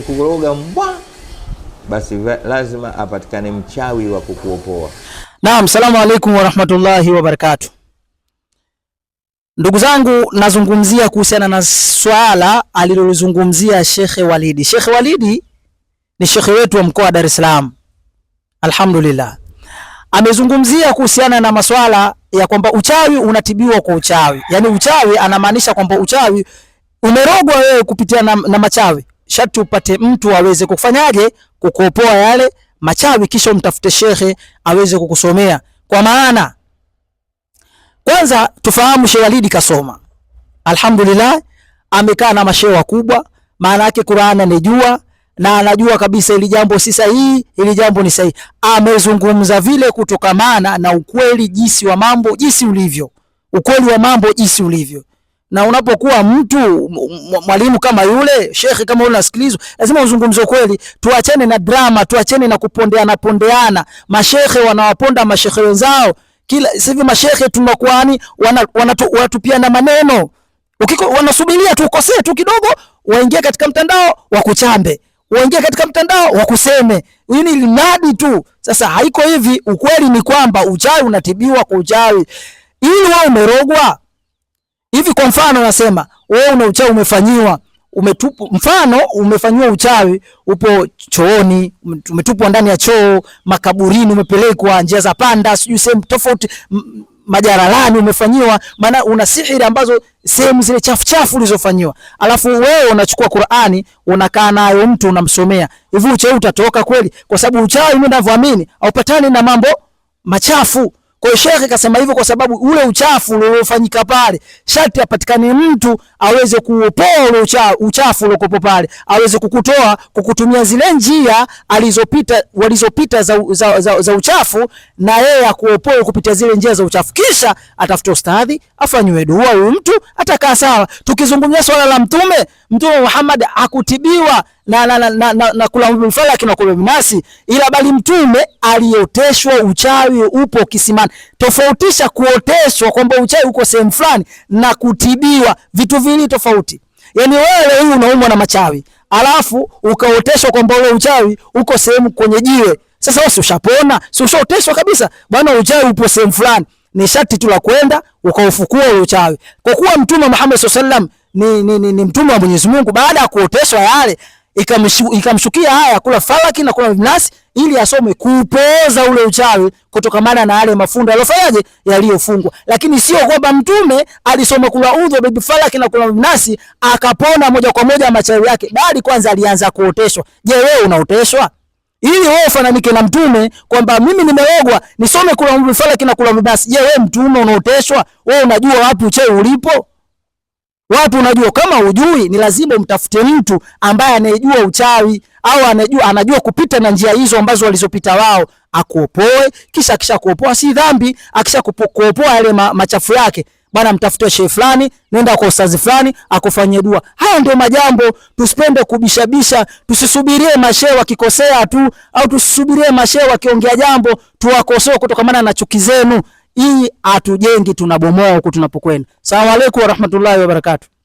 Kukuroga mbwa basi lazima apatikane mchawi wa kukuopoa. Naam, salamu alaikum warahmatullahi wabarakatu. Ndugu zangu, nazungumzia kuhusiana na swala alilolizungumzia Shekhe Walidi. Shekhe Walidi ni shekhe wetu wa mkoa wa Dar es Salaam, alhamdulillah. Amezungumzia kuhusiana na maswala ya kwamba uchawi unatibiwa kwa uchawi, yaani uchawi anamaanisha kwamba uchawi umerogwa wewe kupitia na, na machawi sharti upate mtu aweze kukufanyaje, kukuopoa yale machawi, kisha umtafute shekhe aweze kukusomea. Kwa maana kwanza tufahamu, Sheikh Walid kasoma, alhamdulillah, amekaa na mashehe wakubwa, maana yake Qur'an anejua na anajua kabisa ili jambo si sahihi, ili jambo ni sahihi. Amezungumza vile kutokamana na ukweli jinsi wa mambo jinsi ulivyo, ukweli wa mambo jinsi ulivyo na unapokuwa mtu mwalimu kama yule shekhe kama yule, nasikilizwa, lazima uzungumze kweli. Tuachane na drama, tuachane na kupondeana pondeana. Mashekhe wanawaponda mashekhe wenzao kila sivi, mashekhe tunakuani na maneno, ukiko, wanasubiria tu ukosee tu kidogo, waingie katika mtandao wakuchambe, waingie katika mtandao wakuseme, hii ni mradi tu. Sasa haiko hivi. Ukweli ni kwamba uchawi unatibiwa kwa uchawi, ili wewe umerogwa Hivi kwa mfano nasema wewe una uchawi umefanyiwa, umetupu mfano umefanyiwa uchawi, upo chooni, umetupwa ndani ya choo, makaburini umepelekwa, njia za panda, sijui sehemu tofauti, majaralani umefanyiwa, maana una sihiri ambazo sehemu zile chafu chafu ulizofanyiwa. Alafu wewe unachukua Qur'ani, unakaa nayo mtu unamsomea. Hivi uchawi utatoka kweli? Kwa sababu uchawi mimi ninavyoamini haupatani na mambo machafu. Kwa hiyo shekhe kasema hivyo kwa sababu ule uchafu uliofanyika pale, sharti apatikane mtu aweze kuopoa ule uchafu uliokopo pale, aweze kukutoa kwa kutumia zile njia alizopita walizopita za, za, za, za uchafu, na yeye akuopoe kupitia zile njia za uchafu, kisha atafute ustadhi afanywe dua, huyu mtu atakaa sawa. Tukizungumzia swala la mtume, Mtume Muhammad hakutibiwa na, na, na, na, na, kula mfala kina kula binafsi, ila bali mtume alioteshwa uchawi upo kisimani. Tofautisha kuoteshwa kwamba uchawi uko sehemu fulani na kutibiwa, vitu viwili tofauti. Yani wewe huyu unaumwa na machawi, alafu ukaoteshwa kwamba ule uchawi uko sehemu kwenye jiwe. Sasa wewe ushapona, si ushaoteshwa kabisa bwana, uchawi upo sehemu fulani, ni shati tu la kwenda ukaufukua ule uchawi, kwa kuwa mtume Muhammad sallallahu alaihi wasallam ni, ni, ni, ni mtume wa Mwenyezi Mungu. Baada ya kuoteshwa yale ikamshukia haya kula falaki na kula mnasi ili asome kupoza ule uchawi kutokamana na yale mafundo aliyofanyaje yaliyofungwa, lakini sio kwamba mtume alisoma kula udhu bibi falaki na kula mnasi akapona moja kwa moja machawi yake, bali kwanza alianza kuoteshwa. Je, wewe unaoteshwa ili wewe ufananike na mtume kwamba mimi nimerogwa nisome kula mfalaki na kula mnasi? Je, wewe mtume unaoteshwa? Wewe unajua wapi uchawi ulipo? watu unajua? Kama ujui, ni lazima umtafute mtu ambaye anejua uchawi au anejua, anajua kupita na njia hizo ambazo walizopita wao, akuopoe. Kisha akisha kuopoa si dhambi, akisha kuopoa yale ma, machafu yake bwana, mtafute shehe fulani, nenda kwa ustazi fulani akufanyie dua. Haya ndio majambo, tusipende kubishabisha, tusisubirie mashehe wakikosea tu, au tusisubirie mashehe wakiongea jambo tuwakosoe kutokamana na chuki zenu hii hatujengi, tunabomoa huku tunapokwenda. Salamu alaykum warahmatullahi barakatuh.